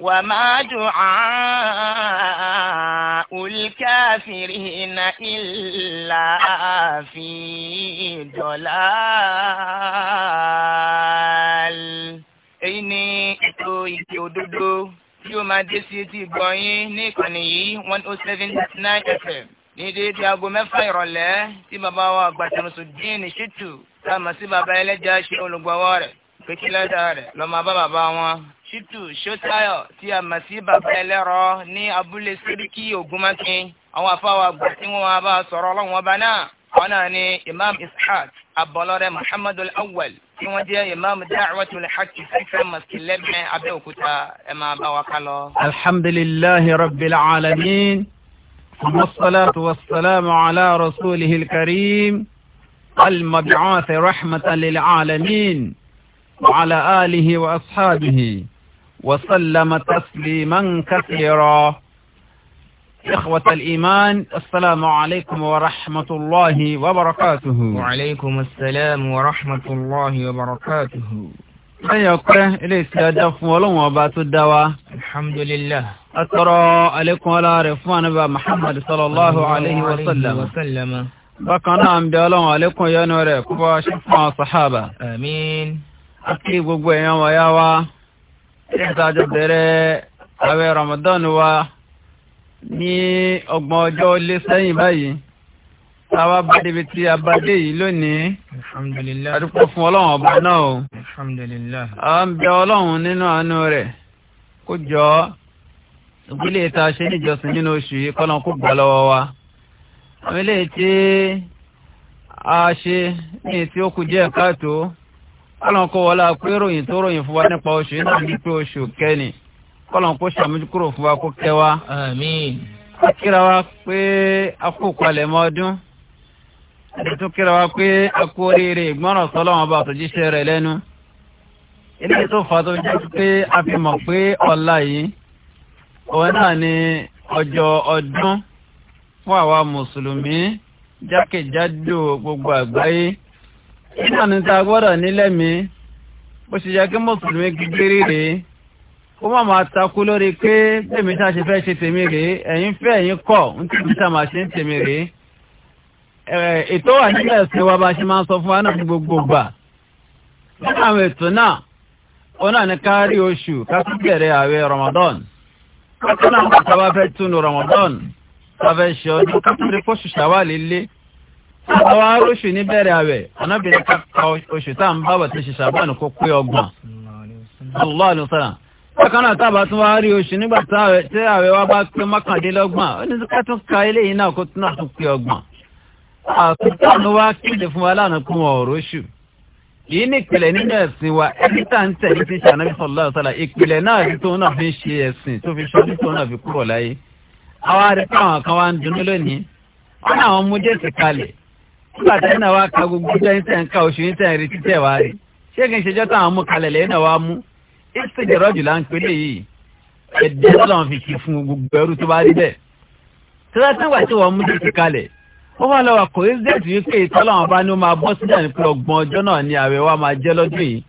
وما دعاء الكافرين إلا في ضلال èyí ni ètò ìpè òdodo tí ó máa dé sí etí gbọ̀nyìn ní ìkànnì yìí one oh seven dot nine fm ní déédéé aago mẹ́fà ìrọ̀lẹ́ tí bàbá wa àgbàtàmùsùn dín ní ṣètù tá a mọ̀ sí bàbá ẹlẹ́jà ṣe olùgbọ́wọ́ rẹ̀ pé kí lẹ́dà rẹ̀ lọ́ọ́ máa bá bàbá wọn ṣítù ṣótáyọ̀ tí a mọ̀ sí bàbá ẹlẹ́rọ ní abúlé sẹ́ríkì ògúnmákin àwọn afáwà àgbà tí wọ́n wá bá sọ̀rọ̀ ọlọ́run ọba náà wọn náà ni imam ishaq abọlọ́rẹ́ muhammadu awwal tí wọ́n jẹ́ imam da'watul haqq fífẹ́ mọ̀sí lẹ́gbẹ̀ẹ́ abẹ́òkúta ẹ̀ máa bá wa kálọ. alhamdulillahi rabbil alamin wasalaatu wasalaamu ala rasulihi alkarim almabcaasi rahmatan lil alamin wa ala alihi وسلم تسليما كثيرا إخوة الإيمان السلام عليكم ورحمة الله وبركاته وعليكم السلام ورحمة الله وبركاته Ẹyọ̀ pẹ́ ilé ìsẹ́ ọjọ́ fún ọlọ́run ọba tó dá wa. Alhamdulillah. A tọrọ àlékún ọlá rẹ̀ fún ànábà Muhammad sallallahu alayhi wa sallam. Bákan náà ń bẹ ọlọ́run àlékún yọ́nú rẹ̀ kúbọ̀ ṣe fún àwọn sàhábà. Àmín. A kí gbogbo èèyàn wọ̀nyá wa ìtajọ bẹ̀rẹ̀ àwẹ̀ Ramadan wa ní ọgbọ̀n ọjọ́ lé sẹ́yìn báyìí táwa bá débi tí a bá dé yìí lónìí alhamdulillah adúpọ̀ fún ọlọ́run ọba náà o alhamdulillah àwọn ń bẹ ọlọ́run nínú àánú rẹ̀ kó jọ ìpínlẹ̀ ìta ṣe níjọsìn nínú oṣù yìí kọ́nà kó gbà lọ́wọ́ wa àwọn eléyìí tí a ṣe ní tí ó kù díẹ̀ káàtó kọ́lọ̀n kó wọlé pé ròyìn tó ròyìn fún wa nípa oṣù iná ní pé oṣù kẹ́ni kọ́lọ̀n kó ṣàmójúkúrò fún wa kó kẹ́ wa. àmín. a kíra wa pé a kó palẹ̀ mọ́ ọdún a tún kíra wa pé a kó oríire ìgbọ́nràn sọ́lọ́wọ́n bá àtúnjíṣẹ́ rẹ̀ lẹ́nu. ilé tó fà tó jẹ́ pé a fi mọ̀ pé ọ̀la yìí òun náà ni ọjọ́ ọdún fún àwa mùsùlùmí jákèjádò gbogbo àgbáyé náà ní ta gbọ́dọ̀ nílẹ̀ mi bó ṣe yẹ kí mùsùlùmí gígéré rèé kó má máa takú lórí pé tèmi tá a ṣe fẹ́ ṣe tèmi rèé ẹ̀yin fẹ́ ẹ̀yin kọ̀ ń tèmi tá a máa ṣe ń tèmi rèé ètò wà nílẹ̀ sí wa bá ṣe máa ń sọ fún wa náà gbogbo gbà nínú àwọn ètò náà òun náà ní kárí oṣù ká bẹ̀rẹ̀ àwẹ̀ Ramadan ká tún náà bá sábà fẹ́ túnú Ramadan sábẹ́ ṣe ọdún ká tún rí kóṣù ṣàwálé lé àwa aróṣù ní bẹ̀rẹ̀ àwẹ̀ anábìrin ká oṣù tá à ń bá wà tó ṣe ṣàbọ̀nù kó pé ọgbọ̀n sallallahu alaihi wasallam bákan náà tábà tún wá rí oṣù nígbà tí àwẹ̀ wa bá pé mọ́kàndínlọ́gbọ̀n ó ní ká tún ka eléyìí náà kó tún náà tún pé ọgbọ̀n àtúntàn wa kéde fún wa lánàá kún ọ̀rọ̀ ṣù yìí ní ìpìlẹ̀ nínú ẹ̀sìn wa ẹni tá ń tẹ̀lé ti ṣànàbí sallallahu alaihi wasallam ìpìlẹ̀ náà rí tóun náà fi ń ṣe ẹ̀sìn tó fi ṣọdún tóun náà fi kúrò láyé àwa rí káwọn kan wá ń dunú lónìí wọn náà wọn nígbà tí ẹ̀nà wa ka gbogbo jẹ́ ní sẹ́yìn ká oṣù ní sẹ́yìn retí tẹ̀ wá rí ṣé kí n ṣe jọ́tà àwọn amúkalẹ̀ lẹ́yìn náà wá mú ìṣe jẹ̀rọ̀ jù lá ń pè lè yìí ẹ̀dẹ́ lọ́n fi kì í fún gbogbo ẹrú tó bá rí bẹ́ẹ̀. tí wọ́n ti wà tí wọ́n mú jìjì kalẹ̀ ó wà lọ́wọ́ kò í zẹ́ẹ̀tì wípé ìtọ́lọ́wọ́n bá ní ó máa bọ́ sílẹ̀ ní pé ọgbọ̀n náà ni ààrẹ wa máa jẹ́ lọ́dún yìí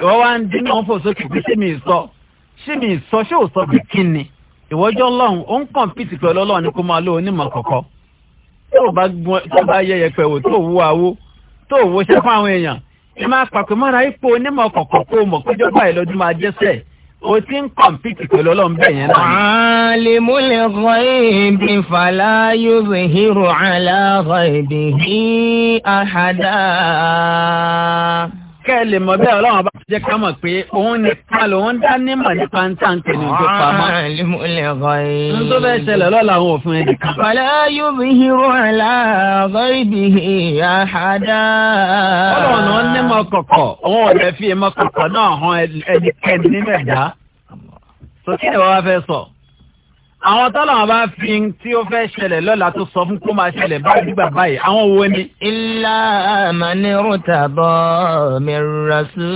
ìwọ wá ń dín náà fò sókè pé ṣé mi sọ ṣé mi sọ ṣé ò sọ bí kíni ìwọ́jọ́ ọlọ́run ó ń kàn pìtì pẹ̀lú ọlọ́run kó máa lóun onímọ̀ kọ̀ọ̀kan tó bá gbọ́n tó bá yẹ yẹpẹ̀ wò tó wú awó tó wú ṣẹ́ fún àwọn èèyàn ẹ máa pàpẹ́ mọ́ra ipò onímọ̀ kọ̀ọ̀kan kó mọ̀ péjọ báyìí lọ́dún máa jẹ́sẹ̀ o ti ń kọ̀mpìtì pẹ̀lú ọlọ́run bẹ́ẹ̀ yẹn náà. alimul ghaibi fala yuzhiru ala ghaibihi ahada kẹ́ ẹ lè mọ̀ bẹ́ẹ̀ ọlọ́run bá jẹ́ ká mọ̀ pé òun nìkan lòun dá nímọ̀ nípa ń tàn tẹ̀lé ojú pamọ́. Ah, n tó bẹ́ẹ̀ ṣẹlẹ̀ lọ́la àwọn òfin ẹ̀ nìkan. wàlẹ́ yóò fi hírò ẹ̀la ọ̀gọ́ ibi àhádá. ọlọ́run náà nímọ̀ kọ̀kọ̀ òun ò lè fi ìmọ̀ kọ̀kọ̀ náà hàn ẹnikẹ́ni nínú ẹ̀dá. sọ kí ni wàá fẹ́ sọ? àwọn tọ́lọ́wọ́n bá fi tí ó fẹ́ ṣẹlẹ̀ lọ́la tó sọ fún kó máa ṣẹlẹ̀ báyìí nígbà báyìí àwọn wo ni. ilá àmàlẹ́rù tàbọ̀ mi rà sí.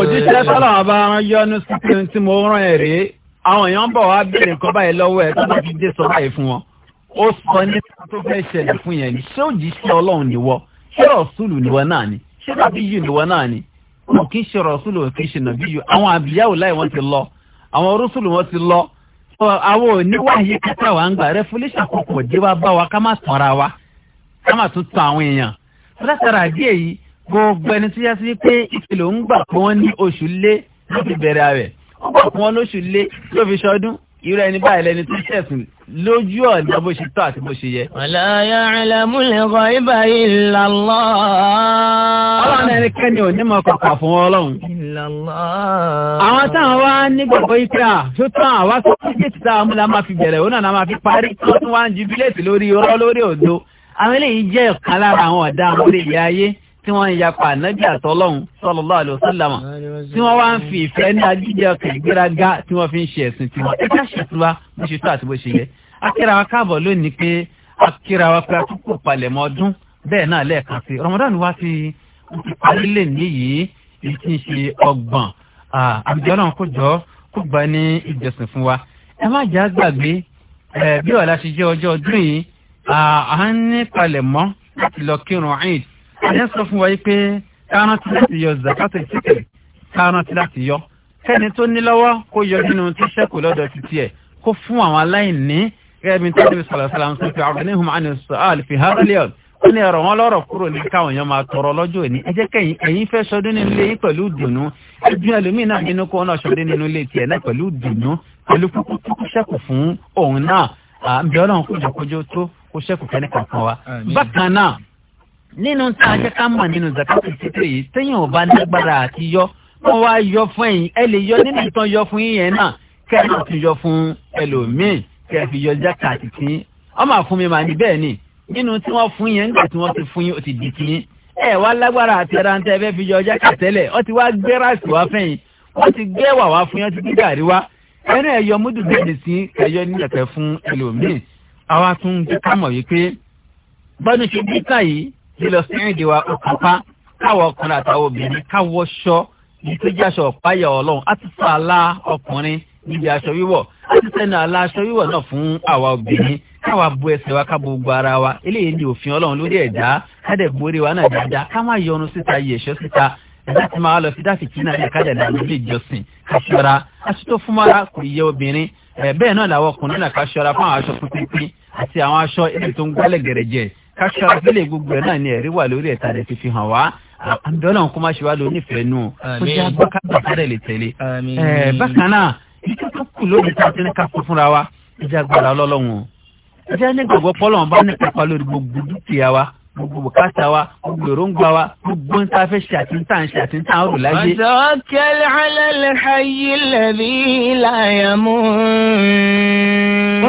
òjíṣẹ́ tọ́lọ́wọ́n bá yọnu sí pé tí mo rán ẹ̀ rèé àwọn èèyàn bọ̀ wá bèrè nǹkan báyìí lọ́wọ́ ẹ̀ tó bá fi dé sọ báyìí fún wọn. ó sọ ní tó fẹ́ ṣẹlẹ̀ fún yẹn ni ṣé òjíṣẹ́ ọlọ́run nìwọ ṣé rọ̀ṣùlù nìwọ náà ni ṣé nàbíyù nìwọ náà ni kò kí ń ṣe rọ̀ṣùlù kì í ṣe nàbíyù àwọn àbíyáwò láì wọ́n ti lọ àwọn rúṣùlù wọ́n ti lọ àwọn oníwàyí kẹta wa ń gbà revolution kọkọ dé wa bá wa ká má tọ́ra wa ká má tún tọ́ àwọn èèyàn látara díẹ̀ yìí gbogbo ẹni tó yá sí pé ìfìlò ń gbà pé wọ́n ní oṣù lé ló fi bẹ̀rẹ̀ rẹ̀ ó gbà pé wọ́n lóṣù lé ló fi ṣọdún irú ẹni báyìí lẹni tó ṣẹ̀sìn lójú ọ̀nà bó ṣe tọ́ àti bó ṣe yẹ. wala ya'lamul ghaiba illa Allah. ọlọ́run ẹnikẹ́ni ò ní mọ kọ̀ọ̀kan fún ọlọ́run. àwọn táwọn wá nígbàgbọ́ yìí pé tó tán àwa sọ pé kí títà amúlá máa fi bẹ̀rẹ̀ òun náà máa fi parí tó tún wá ń ju bílẹ̀tì lórí irọ́ lórí òdo. àwọn eléyìí jẹ́ ọ̀kan lára àwọn ọ̀daràn orí ilẹ̀ ayé tí wọ́n ń yapa ànábì àtọ́lọ́run sallallahu tí wọ́n wá ń fi ìfẹ́ ní agídí ọkàn ìgbéraga tí wọ́n fi ń ṣe ẹ̀sìn tiwọn ẹ ká ṣètúwa bó ṣe tó àti bó ṣe yẹ akíra wa káàbọ̀ lónìí pé akíra wa pé akókò palẹ̀mọ́ ọdún bẹ́ẹ̀ náà lẹ́ẹ̀kan sí Ramadan wa ti parí lè níyìí èyí tí ń ṣe ọgbọ̀n àbíjọ́ náà kò jọ kó gbà ní ìjọsìn fún wa ẹ má jà gbàgbé bí ọ̀la ṣe jẹ́ ọjọ́ ọdún yìí à ń ní palẹ̀mọ́ láti lọ kírun Eid àyẹ̀ sọ fún wa yìí pé kárántì láti yọ zakat ìtìkẹ̀rẹ̀ ká rántí láti yọ kẹ́ni tó ní lọ́wọ́ kó yọ nínú tíṣẹ́ kò lọ́dọ̀ títí ẹ̀ kó fún àwọn aláìní gẹ́gẹ́ bí tẹ́lifí sàlàsàlàm sọ pé àwọn ẹni hùmà ní sọ́ọ̀lì fi hàrẹ́lẹ́ọ̀n ó ní ọ̀rọ̀ wọn lọ́rọ̀ kúrò ní káwọn èèyàn máa tọrọ lọ́jọ́ òní ẹ jẹ́ kẹ́yìn ẹ̀yin fẹ́ sọdún nínú ilé yín pẹ̀lú dùnú ẹbí ẹlòmíín náà nínú kó náà sọdún nínú ilé tiẹ̀ náà pẹ̀lú dùnú pẹ̀lú kúkú kúkú fún òun náà àbí ọlọ́run kójọkójọ tó kó ṣẹ́kù kẹ́ni kankan wa. bákan náà nínú tá a jẹ́ ká mọ̀ nínú zakati títí yìí téèyàn ò bá lágbára àti yọ wọ́n wá yọ fún ẹ̀yìn ẹ lè yọ nínú ìtàn yọ fún yíyẹn náà kẹ́ẹ̀nà tún yọ fún ẹlòmíì kẹ́ẹ̀ yọ jákà títí ọmọ àfún mi màá ní bẹ́ẹ̀ ni nínú tí wọ́n fún yẹn nígbà tí wọ́n ti fún yín ó ti di kíní ẹ wá lágbára àti ẹran tẹ́ fẹ́ fi yọ jákà tẹ́lẹ̀ ó ti wá gbé ráàsì wá fẹ́yìn wọ́n ti gbé wà wá fún yín ó ti gbé gàrí wá ẹnu ẹ̀yọ múdù bẹ́ẹ̀ sí ẹ̀yọ nílẹ̀kẹ́ fún ẹlòmíì àwa tún ń gbé kámọ̀ yìí tó jẹ́ aṣọ ọ̀páyà ọlọ́run á ti sọ àlá ọkùnrin níbi aṣọ wíwọ̀ á ti sẹ́nu àlá aṣọ wíwọ̀ náà fún àwa obìnrin káwa bu ẹsẹ̀ wa ká bo gbogbo ara wa eléyìí ni òfin ọlọ́run lórí ẹ̀dá kádẹ̀ borí wa náà dáadáa ká má yọnu síta yẹ̀ṣọ́ síta ẹ̀dá ti máa lọ sí dáàfin kí náà kájà náà lórí ìjọsìn káṣọra aṣọ tó fún mọ́ra kò yẹ obìnrin bẹ́ẹ̀ náà làwọn ọkùnrin náà káṣọra fún àwọn aṣọ pínpín àti àwọn aṣọ eléyìí tó ń gbálẹ̀ gẹ̀rẹ̀jẹ̀ káṣọra àbẹ̀wọ̀n kó má ṣe wá lọ onífẹ̀ẹ́ nù kó jẹ́ agbákágbà sáré lè tẹ̀lé. bákan náà iṣẹ́ tó kù lóbi tá a ti ní ká kó fúnra wa ẹ jẹ́ agbára ọlọ́lọ́wọ̀n o ẹ jẹ́ nígbàgbọ́ pọ́lọ́wọ́n bá ní kápá lórí gbogbo dúkìá wa gbogbo bùkátà wa gbogbo èròǹgbà wa gbogbo ń tafẹ́ ṣe àti ń tàn ṣe àti ń tàn ọ̀rọ̀ wọ́n náà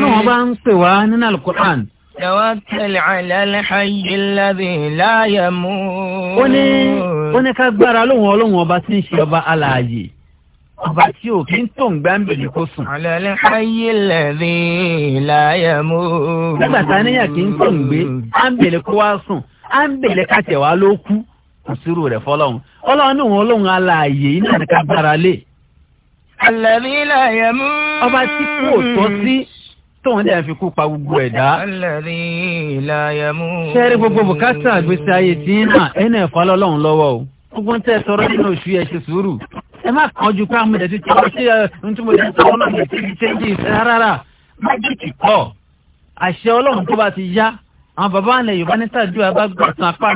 wọ́n bá ń pè wá nínú alukur'an Tawakkal ala al-hayy alladhi la yamut. Ó ní ó ní ká gbára lóhùn ọlọ́hun ọba tí ń ṣe ọba alààyè. Ọba tí ò kí ń tó ń gbáǹbì ní kó sùn. Ala al-hayy alladhi la yamut. Nígbà tá a níyà kí ń tó ń gbé, á ń bèlè kó wá sùn, á ń bèlè kàtẹ̀ wá ló kú. Kò sírù rẹ̀ fọlọ́hun. Ọlọ́run ní òun ọlọ́hun alààyè iná ní ká gbára lé. Alladhi Ọba tí kò tọ́ sí tóun dẹ̀ fi kú pa gbogbo ẹ̀dá. ṣẹ́rí gbogbo bùkátà àgbèsè ayé tí ń hàn ẹ̀nà ẹ̀fọ́ lọ́lọ́run lọ́wọ́ o. gbogbo ń tẹ́ sọ̀rọ̀ nínú oṣù yẹn ṣe sùúrù. ẹ má kánjú pé àwọn ẹ̀dẹ̀tì tí wọ́n ṣe ntúmọ̀ ìdí sọ̀rọ̀ náà lè ti ṣe ń di ìfẹ́ rárá. májèkì kọ́ àṣẹ ọlọ́run tó bá ti yá àwọn bàbá àlẹ yorùbá ní sàdúrà bá gbọ̀sán apá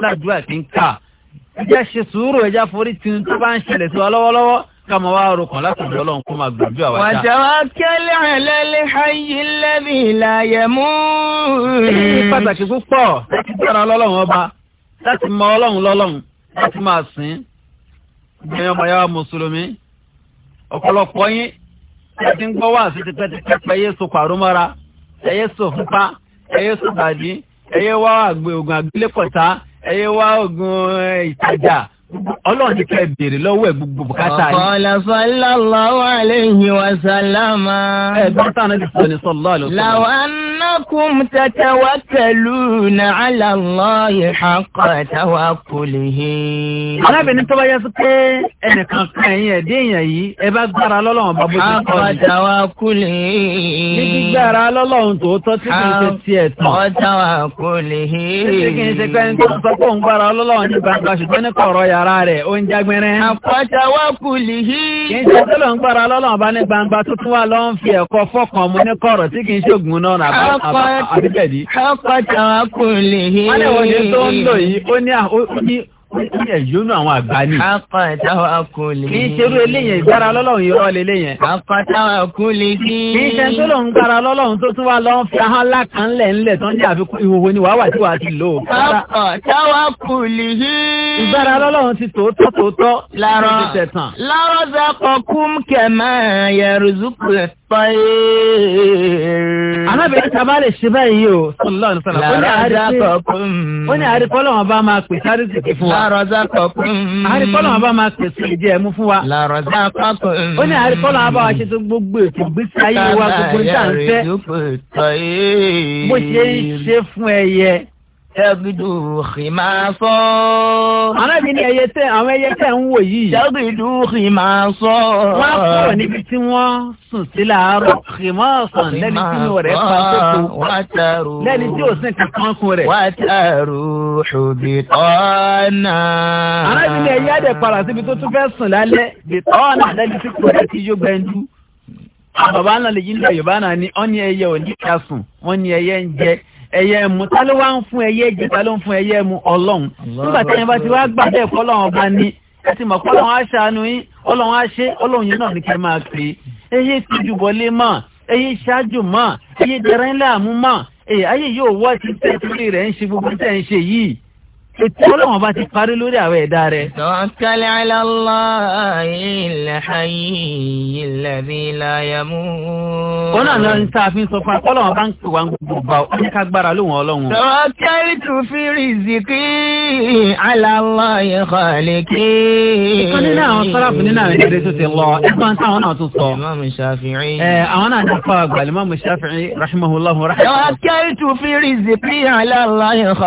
kama wa rokàn láti ọ̀dọ̀ ọlọ́run kó máa gbàdúrà àwa dá. wa tawakkal ala al-hayy alladhi la yamut. èyí pàtàkì púpọ̀ láti dára ọlọ́run ọba láti mọ ọlọ́run lọ́lọ́run láti máa sìn ín. ìgbìyànjú ọmọ yàrá mùsùlùmí ọ̀pọ̀lọpọ̀ yín láti ń gbọ́ wá sí tipẹ́tipẹ́ ẹ̀yẹ́ so pàrómọ́ra ẹ̀yẹ́ so fúnpá ẹ̀yẹ́ so bàdí ẹ̀yẹ́ wá ògùn àgbélépọ̀tá ẹ̀yẹ́ wá ògùn eh, ìtajà ọlọ́run ti kẹ́ ẹ béèrè lọ́wọ́ ẹ̀ gbogbo bùkátà yìí. ọ̀kọ́lá sallallahu alayhi wa sallama. ẹ gbọ́n tán náà ti sọ ní sallallahu alayhi wa sallam. law annakum tatawakkaluna ala Allahi haqqa tawakkulihi. arábìnrin tó bá yẹ sí pé ẹnìkan kan ẹ̀yìn ẹ̀dí yìí ẹ bá gbára lọ́lọ́run bá tí kì í ṣe tiẹ̀ tán ara rẹ̀ ó ń jágbẹ́rẹ́. àfọ̀ṣà wá kù lìhí. kì í ṣe tọ́lọ̀ gbára lọ́lọ́ ọba ní gbangba tuntun wa ló ń fi ẹ̀kọ́ fọ́kàn mu ní kọ̀rọ̀ tí kì í ṣògùn náà àbíbẹ̀dì. àfọ̀ṣà wá kù lìhí. wọ́n ní òye tó ń lò yìí ó ní ní ẹ̀yọ́nú àwọn àgbà ni. akọ̀tàwà kò lè. kì í ṣerú eléyẹn ìgbára ọlọ́lọ́run yìí rọ́ leléyẹn. akọ̀tàwà kò lè kí. kì í ṣe tó lòun gbára ọlọ́lọ́run tó tún wá lọ ń fi ahọ́n lákàn ńlẹ̀ ńlẹ̀ tó ń jẹ́ àfikún ìhòòhò ni wàá wà tí wàá ti lò. akọ̀tàwà kò lè kí. ìgbára ọlọ́lọ́run ti tòótọ́ tòótọ́. lárọ́ lárọ́ zakọ̀kún kẹ̀mẹ́ yẹrùzùkú fayéèrè. alábẹ̀rẹ̀ ta bá lè lárọ̀zá kọ̀kún. àríkọ́lọ́ wọn ba máa pèsè ìdí ẹ̀mú fún wa. lárọ̀zá kọ̀kún. ó ní àríkọ́lọ́ wọn bá wa ṣe gbogbo ètò ìgbésí ayé wa gbogbo níta ń fẹ́. bó ṣe ṣe fún ẹyẹ. Ṣẹ́gidù Xìmáṣọ́. Arábìnrin ni ẹyẹ tẹ àwọn ẹyẹ tẹ ń wò yìí. Ṣẹ́gidù Xìmáṣọ́. Wọ́n á kúrò níbi tí wọ́n sùn sí làárọ̀. Xìmáṣọ́ lẹ́ni tí inú rẹ̀ pa kókó. Wà á tẹ̀rù. Lẹ́ni tí ò sí kankan kun rẹ̀. Wà á tẹ̀rù ṣùgbì tọ́nà. Arábìnrin ni ẹyẹ àdẹ̀ para síbi tó tún fẹ́ sùn lálẹ́. Bìtọ́nà lẹ́ni tí kò rẹ̀ ti yó gbẹ́ndú. Bàbá náà lè yí ẹyẹ mu ta ló wá ń fún ẹyẹ jẹ ta ló ń fún ẹyẹ mu ọlọ́run nígbà tí ẹyin bá ti wá gbà bẹ́ẹ̀ kọ́ ọlọ́run ọba ní ẹ ti mọ̀ kọ́ ọlọ́run á ṣàánú yín ọlọ́run á ṣe ọlọ́run yìí náà ní kí ẹ máa pè é ẹyẹ tìjú bọ́lé mọ́ ẹyẹ ṣáájú mọ́ ẹyẹ dẹrẹ́ ńlá mú mọ́ ẹyẹ ayé yóò wọ́ ti tẹ́ ìtúlẹ̀ rẹ̀ ń ṣe gbogbo tẹ́ ń ṣe yìí ètò ọlọ́wọ́n bá ti parí lórí àwọn ẹ̀dá rẹ̀. tọ́kálẹ̀ aláàlá ilẹ̀ ayé ilẹ̀ bí láyàmú. ó náà lọ ní sáà fi sọ fún akọ́lọ́wọ́n bá ń pè wá gbogbo bá ó ní ká gbára lóhùn ọlọ́run. tọ́kálẹ̀ tó fi rìzìkì aláàlá ìkọ̀lẹ̀ kí. ìkan nínú àwọn sọ́láàfù nínú àwọn ìdílé tó ti lọ ẹ̀kan táwọn náà tún sọ. àwọn náà nípa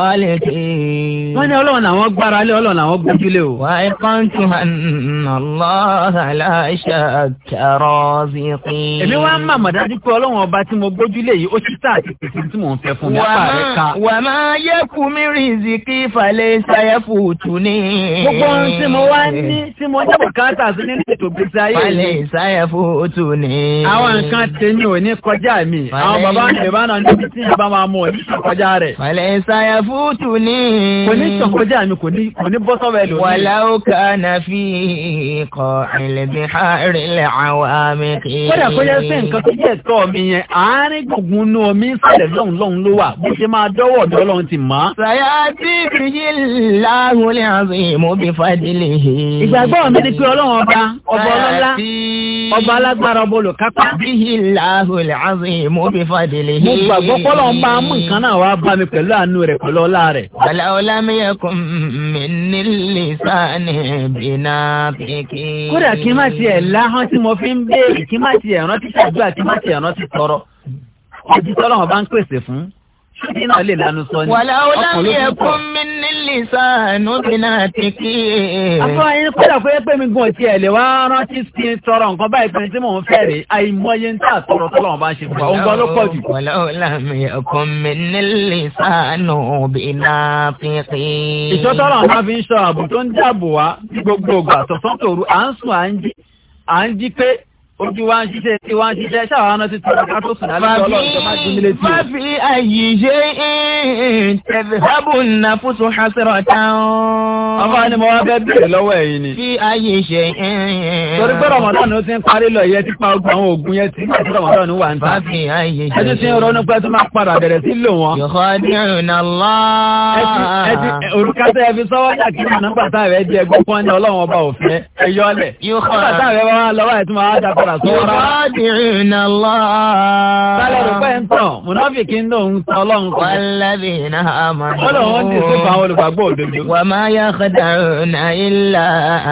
àgbà wọ́n ní ọlọ́run làwọn gbára lé ọlọ́run làwọn gbójúlé o. wà á kàn tún àná aláṣà kẹrọ sí pín. èmi wá ń màmọ̀ dájú pé ọlọ́run ọba tí mo gbójúlé yìí ó ti tà àti tí mò ń fẹ́ fún mi apá rẹ̀ wà á máa yẹ kú mi rìn sí falẹ̀ ṣayẹ fùtù ni. gbogbo ohun tí mo wá ní tí mo jẹ́ bùkátà sí nínú ètò gbèsè ayé mi. falẹ̀ ṣayẹ fùtù ni. àwọn nǹkan tèmi ò ní kọjá mi àwọn bàbá mi bá náà ní tẹ̀sán mm. kọjá mi kò ní kò ní bọ́ sọ́wọ́ ẹlòmíì. wàlá ó ká na fi kọ ẹlẹ́bí àrẹ̀lẹ̀ àwọn àmì kìí. kódà kọjá sí nǹkan tó jẹ́ ẹ̀tọ́ mi yẹn àárín gbùngbùn inú omi ìsàlẹ̀ lọ́hùn lọ́hùn ló wà bó ṣe máa dọ́wọ́ ọ̀dọ́ lọ́hùn ti mọ́. sàyà tí fìyí láhùn lè hàn sí mú bí fàdílé. ìgbàgbọ́ mi ni pé ọlọ́run ọba ọba ọlọ́lá ọba alágbára ọba olùkápá. fìyí láhùn lè hàn sí mú bí fàdílé. mo gbàgbọ́ pọ́lọ́ yakun minni lisani binaafiki. kódà kí n má tiẹ̀ láhán tí mo fi ń béèrè kí n má tiẹ̀ rántí ṣàdúrà kí n má tiẹ̀ rántí tọrọ ojú tọ́lọ́hàn bá ń pèsè fún ṣé iná lè lanu sọ ni ọkùnrin kò. wàlá ó lámì mi lisanu binatiki. àfọ yín kódà fún yẹn pé mi gun ọtí ẹ lè wá rántí sí tọrọ nǹkan báyìí pé tí mò ń fẹ́ rè àìmọye ń tà tọrọ tọ́lọ́ wọn bá ń ṣe fún wa òun gan ló pọ̀ jù. wàláwùlámi ọkàn mi ní lisanu binatiki. ìṣọ́tọ́rọ̀ máa fi ń ṣọ àbùtó ń dáàbò wá gbogbo ògbà tọ̀sán tòru à ń sùn à ń jí pé ojú wa ń ṣiṣẹ́ tí wa ń ṣiṣẹ́ ṣáwọn aná ti tún ọ̀gá tó sùn lálẹ́ ọlọ́run tó má jí mi létí. má fi àyè ṣe tẹ̀síhábù nà fútu hasrọ̀ táwọn. ọba ni mo wá fẹ́ bèrè lọ́wọ́ ẹ̀yin ni. fi àyè ṣe. torí pé rọmọdánù ti ń parí lọ yẹn ti pa ogun àwọn oògùn yẹn ti ń rọmọdánù wà ń ta. fi àyè ṣe. ẹtí ti ń ronú pé tó máa padà bẹ̀rẹ̀ sí lò wọ́n. yòókàn ní ọ̀nà padà sọ wọ́n rárá. yubadi'una Allah. sálẹ̀ rẹ̀ pẹ́ ń tàn mùnáfíkì ń lòun tọ́ ọlọ́run kan. walladhina amanu. wọ́n lọ wọ́n ti ṣe fa olùgbàgbọ́ òdodo. wa ma yakhda'una illa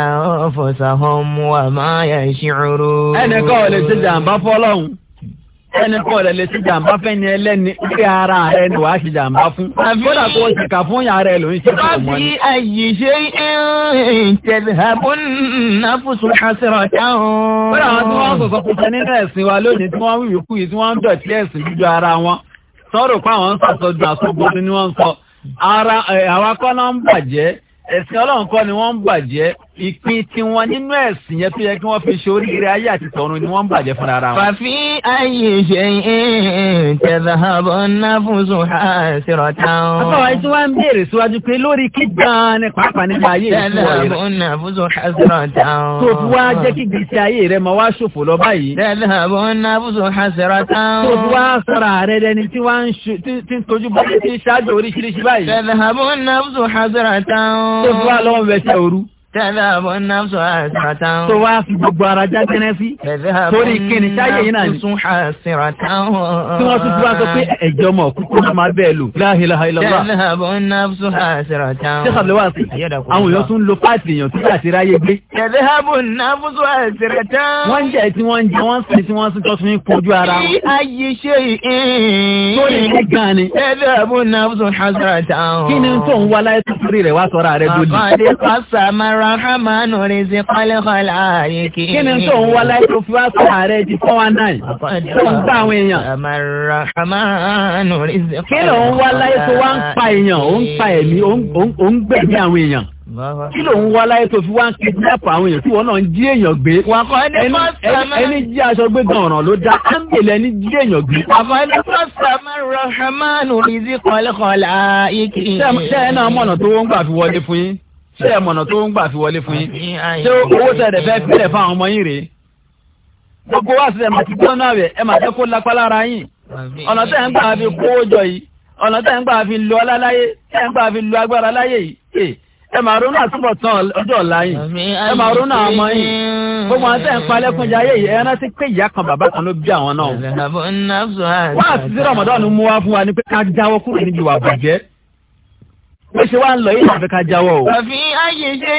anfusahum wa ma yash'urun. ẹnì kan ò lè ṣe jàǹbá fọ́lọ́hún ẹni kọ́ rẹ̀ lè ṣe jàǹbá fẹ́ni ẹlẹ́ni pé ara rẹ̀ ni wàá ṣe jàǹbá fún. kódà kó o ṣìkà fún ìyá rẹ̀ ló ń ṣe fún ọmọ ni. ayé ṣe tẹ̀lẹ́bùn náà fùsùn àṣírọ̀ táwọn. kódà wọn tí wọn sọ̀sọ̀ kò sẹ́ nínú ẹ̀sìn wa lónìí tí wọ́n ń wíwí yìí tí wọ́n ń dọ̀tí ẹ̀sìn jújú ara wọn. sọ̀rọ̀ pé àwọn ń sàtọ́jú àsọ̀gbọ́n ni wọ́n sọ. ara àwa kọ́ ń bàjẹ́ ìpín tiwọn nínú ẹ̀sìn yẹn tó yẹ kí wọ́n fi ṣe oríire ayé àti tọ̀run ni wọ́n ń bàjẹ́ fúnra ara wọn. fàfi ayé ṣe ń tẹ̀sánbọ̀ náfùsùn àṣírọ̀tàn. àtàwọn ẹni tí wọ́n ń béèrè síwájú pé lórí kí gan-an ni pàápàá nípa ayé ìṣòro rẹ. tẹ̀sánbọ̀ náfùsùn àṣírọ̀tàn. tó fi wá jẹ́ kí gbèsè ayé rẹ máa wá ṣòfò lọ báyìí. tẹ̀sánbọ̀ náfùsùn àṣírọ̀tàn. tó fi wá sọ̀rọ̀ tó fi wá lọ́wọ́ tẹ́lẹ̀ àbọ̀ náà sọ àṣìràtàn. tó wá fi gbogbo ara já jẹ́rẹ́ sí. torí kíni táyé yìí náà ni. tún àṣìràtàn. tí wọ́n tún bá sọ pé ẹ̀jẹ̀ ọmọ kúkú náà máa bẹ́ẹ̀ lò. láhìlá ìlọ́wà. tẹ́lẹ̀ àbọ̀ náà sọ àṣìràtàn. ṣé kàbílẹ̀ wà sí. àwọn èèyàn tún lo páàtì èèyàn tí láti ráyè gbé. tẹ́lẹ̀ àbọ̀ náà sọ àṣìràtàn. wọ́n jẹ tí wọ́n jẹ wọ́n sì tí wọ́n sì tọ́ kojú ara wọn. ayé ṣe Ar-Rahmanu rèézí kọ́lẹ́kọ́lẹ́ ààyè Kí ni tó ń wá láì tó wá sí ààrẹ di four one nine? Tó ń gbá àwọn èèyàn. Ar-Rahmanu rèézí kọ́lẹ́kọ́lẹ́ ààyè kì í. Kí ń wá láì wá ń pa èèyàn, ó ń pa ẹ̀mí, ó ń gbẹ̀mí àwọn èèyàn? kí ló ń wá láyé tó wá ń kidnap àwọn èèyàn tí wọn náà ń jí èèyàn gbé. ẹni jí aṣọ gbé gan-an ló dá áńgẹ̀lẹ̀ ẹni jí èèyàn gbé. àfọ̀dé pásítọ̀mù rọ̀hámánù rìzí kọ́lékọ́lá ikì. sẹ́ẹ̀ náà mọ̀nà ṣé ẹ mọ̀nà tó ń gbà fi wọlé fún yín ṣé owó tẹ̀lé fẹ́ pílẹ̀ fún àwọn ọmọ yín rèé gbogbo wa sì ẹ máa ti gbọ́ náà rẹ̀ ẹ máa kó lápá lára yín ọ̀nà tẹ̀ ń gbà fi kówó jọ yìí ọ̀nà tẹ̀ ń gbà fi lo ọlá láyé tẹ̀ ń gbà fi lo agbára láyé yìí ẹ máa ronú àtúbọ̀ tán ọjọ́ ọ̀la yìí ẹ máa ronú àwọn yìí gbogbo àwọn tẹ̀ ń palẹ́ fún jayé yìí ẹ rántí pé ìyá kan bàbá kan ló bí àwọn náà. wọ́n àti sí rọ̀mọ́dọ́ọ̀nù mú wá fún wa ni pé ká jáwọ́ kúrò níbi ìwà bàjẹ́ bó ṣe wá ń lọ yìí ní àfikà jáwọ́ o. àfi ayé ṣe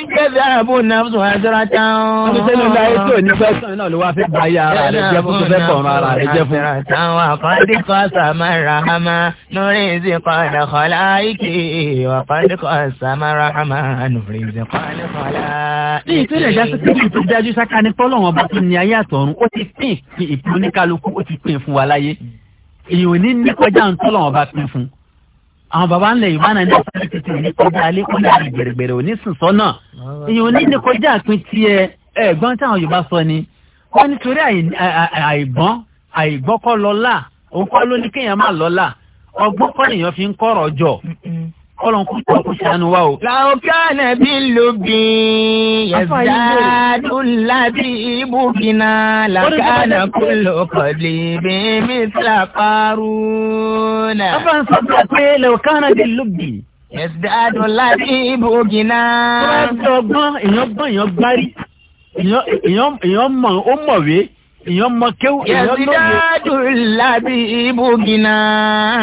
ń kẹ́sì àràbò nàbùsùn àjọra tán. àti sẹ́ni ọ̀la ayé tí ò ní fẹ́ sàn náà ló wá fẹ́ gba ayé ara rẹ̀ jẹ́ fún tó fẹ́ kọ̀ọ̀rọ̀ ara rẹ̀ jẹ́ fún. táwọn àkọ́ndíkọ́ sàmárà hàmà lórí ìsìnkọ́ ìdàkọ́lá ike àkọ́ndíkọ́ sàmárà hàmà lórí ìsìnkọ́ ìdàkọ́lá. ní ìpínlẹ̀ jásí pé kí n tó dájú sáká ní fọ́lọ́wọ́n bá tún ní ayé àtọ̀run ó ti pín ìpín oníkálukú ó ti pín fún wa láyé èèyàn ò ní ní kọjá àwọn baba ńlẹ̀ yorùbá náà ní ọ̀sán títí ní kọjá alẹ́ kọjá alẹ́ gbèrègbèrè òní sùn sọ́nà èèyàn ní ní kọjá àpín tiẹ̀ ẹ̀gbọ́n táwọn yorùbá sọ ni wọ́n nítorí àìgbọ́n àìgbọ́kọ́ lọ́la òun kọ́ ló ní kéèyàn má lọ́la ọgbọ́n kọ́ lèèyàn fi ń kọ́rọ̀ jọ kọ́lọ̀ kú tó kú sànù wa o. làókà nàbí lóbi yẹ̀sàdù láti ibùkínà làókà nàkú lọ́kọ̀lì bíbí sàkàrù náà. a fàn sọ pé làókà nàbí lóbi. yẹ̀sàdù láti ibùkínà. tó sọ gbọ́n èèyàn gbọ́n èèyàn gbárí èèyàn mọ̀ ó mọ̀wé èèyàn mọ kéwù èèyàn lóye. yẹsidadu labi ibugina.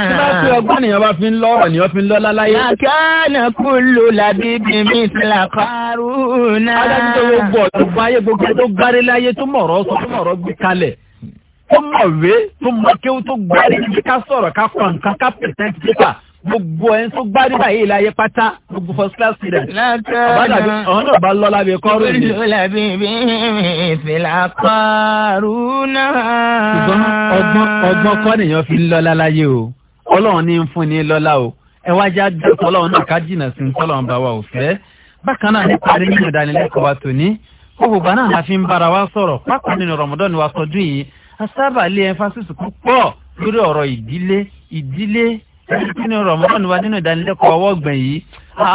tí bá tó ẹgbẹ́ nìyẹn bá fi ń lọ ọ̀rọ̀ nìyẹn fi ń lọ láláyé. làkàna kúlò labi bìbí tìlà kárùnà. adájọ́ gbogbo ọ̀dọ́ báyé gbogbo tó gbárí láyé tó mọ̀rọ̀ sọ tó mọ̀rọ̀ gbé kalẹ̀ tó mọ̀wé tó mọ kéwù tó gbárí ká sọ̀rọ̀ ká kọ̀ǹkan ká pẹ̀tẹ́ pípa gbogbo ẹni tó gbádùn báyìí láyé pátá gbogbo first class student. àbádàbí ọ̀hún náà bá lọ lábẹ́ kọ́rù yìí. olùlàbí bí ìfìlà kọ́rù náà. ṣùgbọ́n ọgbọ́n ọgbọ́n kọ́ nìyẹn fi ń lọ́lá láyé o ọlọ́run ní ń fún ní lọ́lá o ẹ wá já dẹ́kun ọlọ́run náà ká jìnnà sí tọ́lọ́run bá wa ò fẹ́. bákan náà nípa rí nínú ìdánilẹ́kọ̀ọ́ wa tòní gbogbo gbà náà la fi ń bára wa sọ̀rọ̀ pápá nínú rọmọdún wa nínú ìdánilẹ́kọ̀ọ́ ọwọ́ ọ̀gbìn yìí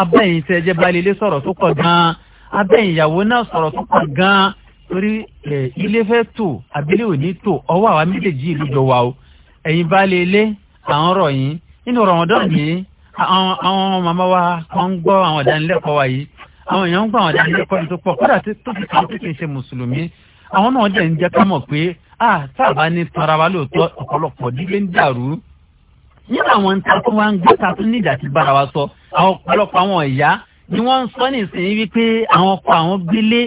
abẹ́yìn tẹ́ jẹ́ balẹ̀ ilé sọ̀rọ̀ tó pọ̀ gan-an abẹ́yìn ìyàwó náà sọ̀rọ̀ tó pọ̀ gan-an torí ilé fẹ́ tò abílẹ̀ òní tò ọwọ́ àwa méjèèjì ìlú jọ wa o ẹ̀yin balẹ̀ ilé àwọn ọ̀rọ̀ yìí nínú rọmọdún yìí àwọn màmá wa kan ń gbọ́ àwọn ìdánilẹ́kọ̀ọ́ wa yìí àwọn èèyàn ń gbọ́ àwọn ìdánilẹ́kọ̀ọ́ yìí tó pọ̀ kódà tó fi kàn tó fi ṣe mùsùlùmí ah tá a bá ní nínú àwọn ń ta tó wá ń gbé ta tó níjà ti bára wa sọ àwọn ọ̀pọ̀lọpọ̀ àwọn ìyá ni wọ́n ń sọ nísìnyí wípé àwọn ọkọ àwọn gbélé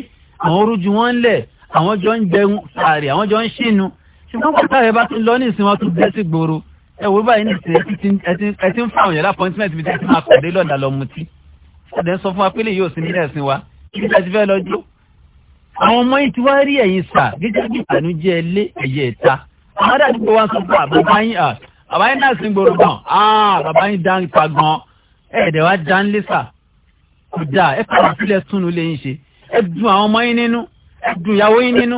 àwọn rújú wọn lẹ̀ àwọn jọ ń jẹun sàárè àwọn jọ ń ṣìnú ṣùgbọ́n pàtó ààrẹ bá ti lọ nísìnyí wọn tún bẹ́ sí gbòòrò ẹ wò báyìí nísìnyí ẹ ti ń fún àwọn yàrá appointment mi tẹ́tí máa pàdé lọ́dà lọ mutí ṣàdé sọ fún wa pé lè yóò sinmi náà sin wa kí ni a ti fẹ́ lọ jó àwọn ọmọ yìí ti wá rí ẹ̀yin sà gẹ́gẹ́ bí ìbànújẹ́ ilé ẹ̀yẹ ìta àwọn adàdúgbò wa sọ fún àbúrò báyìí bàbá yín náà sì ń gbòòrò gan ah bàbá yín dá ipa gan ẹ̀ẹ́dẹ̀ wá dá ń lé sà kò dáa ẹ kàwé sílẹ̀ túnú lè ń ṣe ẹ dun àwọn ọmọ yín nínú ẹ dun ìyàwó yín nínú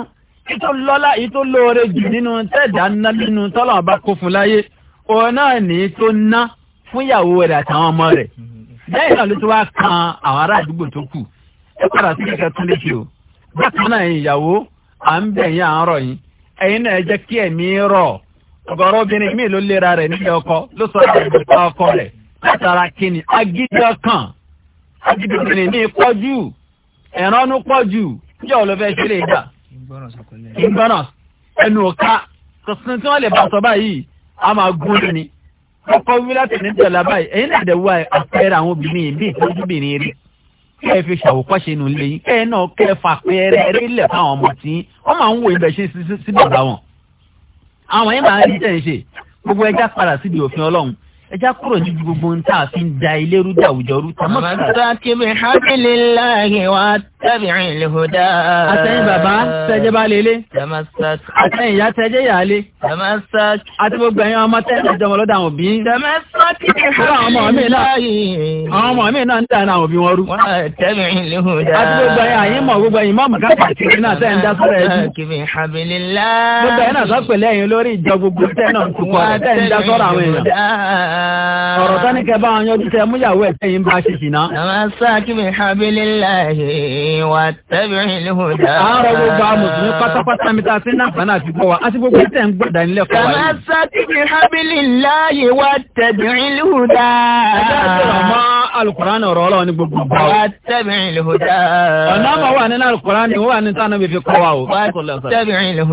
èyí tó lọ́lá èyí tó lóore jù nínú tẹ́ẹ̀dá ná nínú tọ́lọ́ bá kó fún láyé òun náà ní tó ná fún ìyàwó rẹ̀ àtàwọn ọmọ rẹ̀ lẹ́yìn náà ló ti wá kan àwọn ará àdúgbò tó kù ẹ padà sí kíkẹ́ tún léṣe o bákan náà ìyàwó à ń bẹ̀ yín à ń rọ̀ yín ẹ̀yin náà ẹ jẹ́ kí ẹ̀mí rọ̀ ọ̀gọ̀rọ̀ obìnrin míì ló lera rẹ̀ nílé ọkọ ló sọ àgbẹ̀ta ọkọ rẹ̀ látara kínní agídọ́ kan agídọ́ obìnrin míì pọ̀ jù ẹ̀ránú pọ̀ jù níjọ́ ló fẹ́ ṣe lè dà ìgbọ́nà ẹnu ọ̀ka tuntun tí wọ́n lè bá sọ báyìí a máa gún ní ni ọkọ wíwílá tẹ̀ ní ìjọba báyìí ẹ̀yin náà dẹ̀ wá àpẹẹrẹ àwọn obìnrin bíi ìtọ́júbìnrin rí kẹ́ ẹ fi ṣàwòkọ́ṣe nù lẹ́yìn kẹ́ ẹ náà kẹ́ ẹ fà pẹ́ẹ́rẹ́ rí lẹ̀ fáwọn ọmọ tí wọ́n máa ń wo ibẹ̀ sí bàbá wọn àwọn yẹn máa rí tẹ̀ ń ṣe gbogbo ẹja padà síbi òfin ọlọ́run ẹja kúrò ní gbogbo ohun tá a fi ń da ilé rú dàwùjọ rú. àmọ́ kí ló ń tabi'in lihuda. àtẹ̀yìn bàbá tẹ́jẹ́ bá lélẹ̀. damasak. àtẹ̀yìn ìyá tẹ́jẹ́ yàálé. damasak. àti gbogbo ẹ̀yin ọmọ tẹ́jẹ́ ìjọba lọ́dọ̀ àwọn òbí. damasak. fúra àwọn ọmọ mi náà àwọn ọmọ mi náà ń dànù àwọn òbí wọn rú. tabi'in lihuda. àti gbogbo ẹ̀yin àyín mọ̀ gbogbo ẹ̀yin mọ̀ mọ̀ká pàtì náà tẹ́ واتبع الهدى أعرض بعض قطفت متاسنا فناتي بوا أتبوا بيتين بدن لك تمسك بحبل الله واتبع الهدى ما القرآن رولو نبقى واتبع الهدى أنا ما هو أننا القرآن هو أن نتانا بفي قواه واتبع الهدى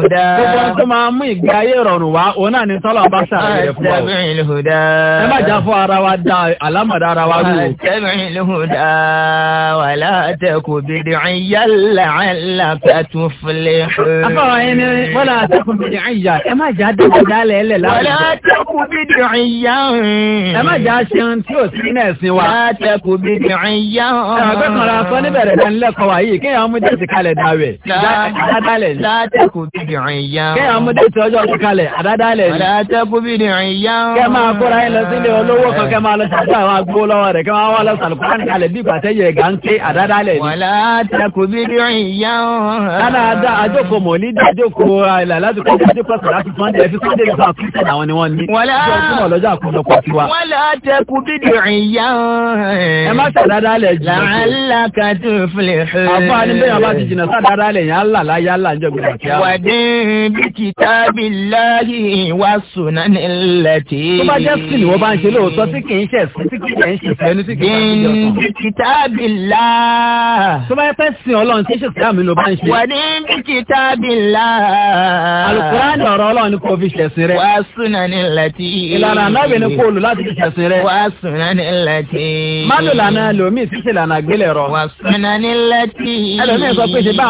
gbogbo ma mú ìgbé ayé ìrọ̀rùn wá òun náà ni tọ́lọ̀ bá ṣàlàyé fún wa o ẹ má jà fún ara wa dá alámọ̀dá ara wa rú o. àtẹ̀bìnrin ló hùdá wàhálà àtẹ̀kù bídé bìdìcìyà làálà fẹ́tù filẹ̀. afọwọ́ yẹn ni wọ́lá àtẹkùn bìdìcìyà ẹ má jà dẹ́kun dálẹ̀ ẹlẹ̀ láwùjọ. wọ́lá àtẹkùn bìdìcìyà. ẹ má jà ṣeun tí ò sí náà sin wa. àtẹkùn bìdìcìyà. ẹ̀ẹ́dẹ́gbẹ̀kan ra sọ níbẹ̀ rẹ̀ dánilẹ́kọ̀ọ́ wa yìí kéèyàn mú dẹ́sí kalẹ̀ dáwẹ̀. àdádálẹ̀ ni. látẹkùn bìdìcìyà. kéèyàn mú dẹ́sí ọjọ́ kalẹ̀ àdádálẹ̀ ni. látẹkùn bìdìcìyà. kẹ́ máa kóra máa takobiri ìyá wọn. dáadáa àjòkò mọ̀ ní àjòkò àìlàládùn kọ́ńtà àjòkò àkàrà àti sunday ẹ̀fí sunday ló sọ àkúrẹ́sẹ̀ àwọn ni wọ́n ní. wọ́lá ọjọ́ àkójọpọ̀ sí wa. wọ́lá takobiri ìyá wọn. ẹ má sàdáadáa lẹ̀ jù. làálà kàtó filẹ̀ fẹ́. àfọ àníbẹ̀yà bá ti jìnnà sàdáadáa lẹ̀ yàn án láyà là ń bá yẹ fẹ́ sìn ọlọ́run tí ṣètò àmì ló bá ń ṣe. wà ní kitabillah. alukurani ọ̀rọ̀ ọlọ́run ni kò fi ṣẹ̀sìn rẹ. wàá súnà ní lẹ́tí. ìlànà anábì ni kò lù láti fi ṣẹ̀sìn rẹ. wàá súnà ní lẹ́tí. má lànà lomi sí lànà gbélé rọ. wàá súnà ní lẹ́tí. ẹlòmíì sọ pé ṣe bá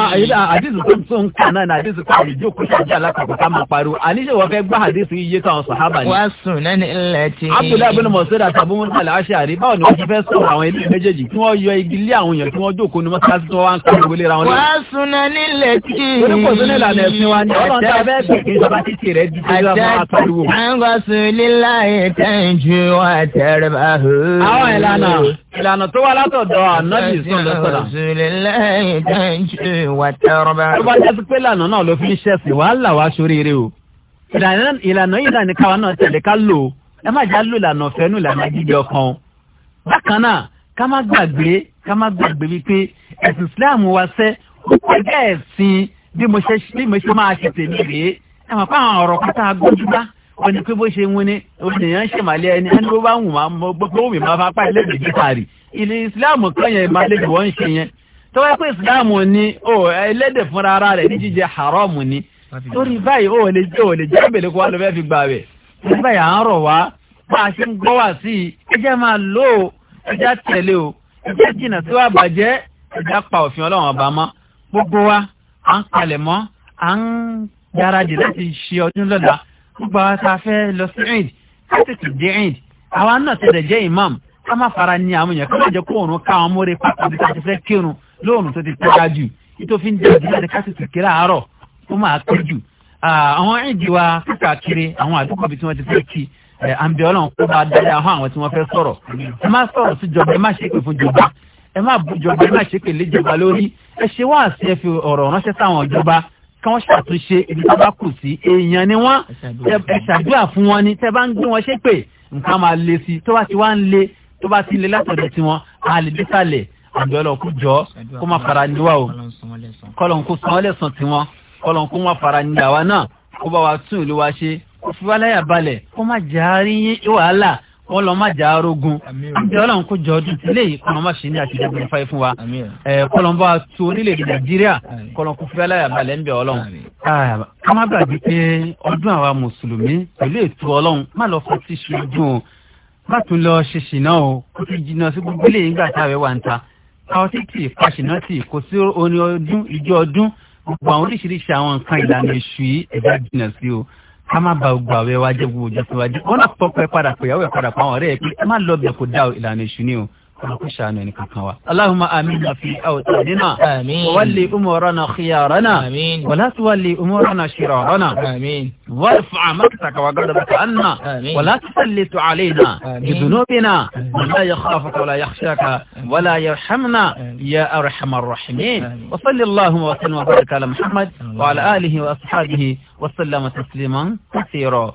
àdìsí tó tó ń kà náà ní àdìsí kò àlejò kò ṣàjà alákàkọ́ ká máa pariwo àníṣe wọ́n fẹ́ gbá àdìsí iye táwọn sàhábà ni. wàá súnà ní lẹ́tí. abdullahi bin mọ̀sẹ́dà tàbí mọ́tàlá aṣáárí báwo ni wọ́n ti fẹ́ sọ̀rọ̀ àwọn ilé méjèèjì kí wọ́n yọ igi lé àwọn èèyàn kí wọ́n jókòó ní mọ́tàlá sí tí wọ́n wá ń sọ ìwé lera wọn lé. wàá súná nílẹ̀ tí. torí kò nílànà ẹ̀sìn wa ni ọlọ́run tá a bẹ́ẹ̀ bẹ̀ kí ìjọba títì rẹ̀ di pé ìjọba máa pariwo. àǹgọ̀sù lílá ìtẹ́jú wọn tẹ̀rẹ̀ bá hù. àwọn ìlànà ìlànà tó wá látọ̀dọ̀ ànábì sùn lọ́sọ̀dà. àǹgọ̀sù lílá ìtẹ́jú wọn tẹ̀rẹ̀ bá hù. tó bá jẹ́ ká má gbàgbé wípé ẹ̀sìn Islam wa sẹ́ ó kọjá ẹ̀sìn bí mo ṣe bí mo ṣe máa ṣe tèmi rèé ẹ mọ̀ pé àwọn ọ̀rọ̀ kọ́tà gbójúgbá wọ́n ní pé bó ṣe wọ́n ní ènìyàn ṣèmàlẹ́ ẹni ẹni bó bá wù wá gbogbo mi máa fapá ẹlẹ́dẹ̀ jíkàrí ilé Islam kan yẹn máa lẹ́dẹ̀ wọ́n ń ṣe yẹn tó wáyé pé Islam ní ó ẹlẹ́dẹ̀ fúnra ara rẹ̀ ní jíjẹ haram ni torí báyìí ó lè jẹ́ ó lè jẹ́ abẹ́lẹ́ kó wá lọ fẹ́ fi gbà wẹ̀ torí báyìí ń rọ̀ wá bá a ṣe ń gbọ́ wá sí i ẹ jẹ́ máa lò ó ẹ tẹ̀lé o ẹ̀jẹ̀ jìnnà sí wa bàjẹ́ ẹ̀jẹ̀ apá òfin ọlọ́run ọba mọ́ gbogbo wa à ń palẹ̀ mọ́ à ń gbáradì láti ṣe ọdún lọ́la gbogbo àwọn tá a fẹ́ lọ sí Eid láti ti dé Eid àwa náà ti dẹ̀ jẹ́ imam ká má fara ní àwọn èèyàn kí wọ́n jẹ́ kó òun ká àwọn mórè pàtàkì tá a ti fẹ́ kírun lóòrùn tó ti tẹ́ka jù ìtòfin jẹ́ ìdílé àti kásìtì kéré àárọ̀ ó máa pẹ́ jù àwọn Eid wa kíkà kiri àwọn àdúgbò bí tí wọ́n ti fẹ́ kí ẹ àǹbẹ̀ ọlọ́run kó máa dáadáa hàn àwọn tí wọ́n fẹ́ sọ̀rọ̀ ẹ má sọ̀rọ̀ sí jọba ẹ má ṣépè fún jọba ẹ má bú jọba ẹ má ṣépè lé jọba lórí ẹ ṣe wá àṣẹ fi ọ̀rọ̀ ránṣẹ́ sáwọn ìjọba kí wọ́n ṣàtúnṣe ibi tó bá kù sí èèyàn ni wọ́n ẹ ṣàdúrà fún wọn ni tẹ́ bá ń gbé wọn ṣépè nǹkan máa le sí tó bá ti wá ń le tó bá ti le látọ̀dọ̀ tiwọn a lè dé sálẹ̀ àbẹ̀ọ́lọ́ kó jọ kó má fara níwá o kọ́lọ́n kó sanwó lẹ̀sán tiwọn kọ́lọ́n kó má fara níyàwó náà kó bá wa tún ìlú wa ṣe kó fi wáláyà balẹ̀ kó má jaari wàhálà wọn lọ má jaarogun àbí Ọlọ́run kó jọ ọdún ilé yìí kọlọn má ṣe ní àti ìjọba ìfáyé fún wa kọlọn bá tu orílẹ̀-èdè Nàìjíríà kọlọn kó fi wáláyà balẹ̀ ń bẹ Ọlọ́run. ká má gbàgbé pé ọdún àwa mùsùlùmí pẹ̀lú ètò Ọlọ́run má lọ fọ tíṣu ọdún o má tún lọ ṣe ṣìnà o kó ti jìnnà sí gbogbo ilé ìgbà táwẹ̀ wà ń ta káwọn tí tì pàṣínà tì kò ká má ba gbà wẹ́ wájú gbogbo ìjọsìn wájú wọn náà fọ́ pẹ́ padà pé ìyàwó ẹ̀ padà pa àwọn ọ̀rẹ́ ẹ̀ pé má lọ bẹ̀ kó dá ìlànà ìṣúní o. kò ṣàánú ẹni kankan wa. aláhùnmá àmín na fi àwòtánínà. àmín. wàlí umorana khiyarana. àmín. wàlá tí wàlí umorana shirarana. àmín. wàlí fàmà kàkàwà gàdàbàtà àná. àmín. wàlá tí sàlẹ̀ tó àlẹ́yìnà. àmín. bidunubina. wàlá yà khaafaka wàlá yà xṣaka. wàlá yà xamna. yà arxama raximin. wasalli allahumma wa sallam wa baraka ala muhammad. wa ala alihi wa asxaabihi wa sallama tasliman kasiiro.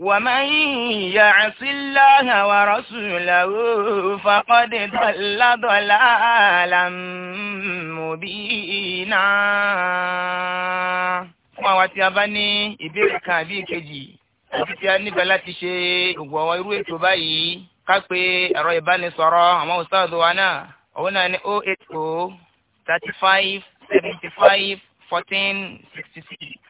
ومن يعص الله ورسوله فقد ضل ضلالا مبينا fún àwa tí a bá ní ìbéèrè kan àbí ìkejì àti tí a nífẹ̀ẹ́ láti ṣe ògbọ̀wọ́ irú ètò báyìí ká pé ẹ̀rọ ìbánisọ̀rọ̀ àwọn ustaz wa náà òun náà ní 080 35 75 14 66.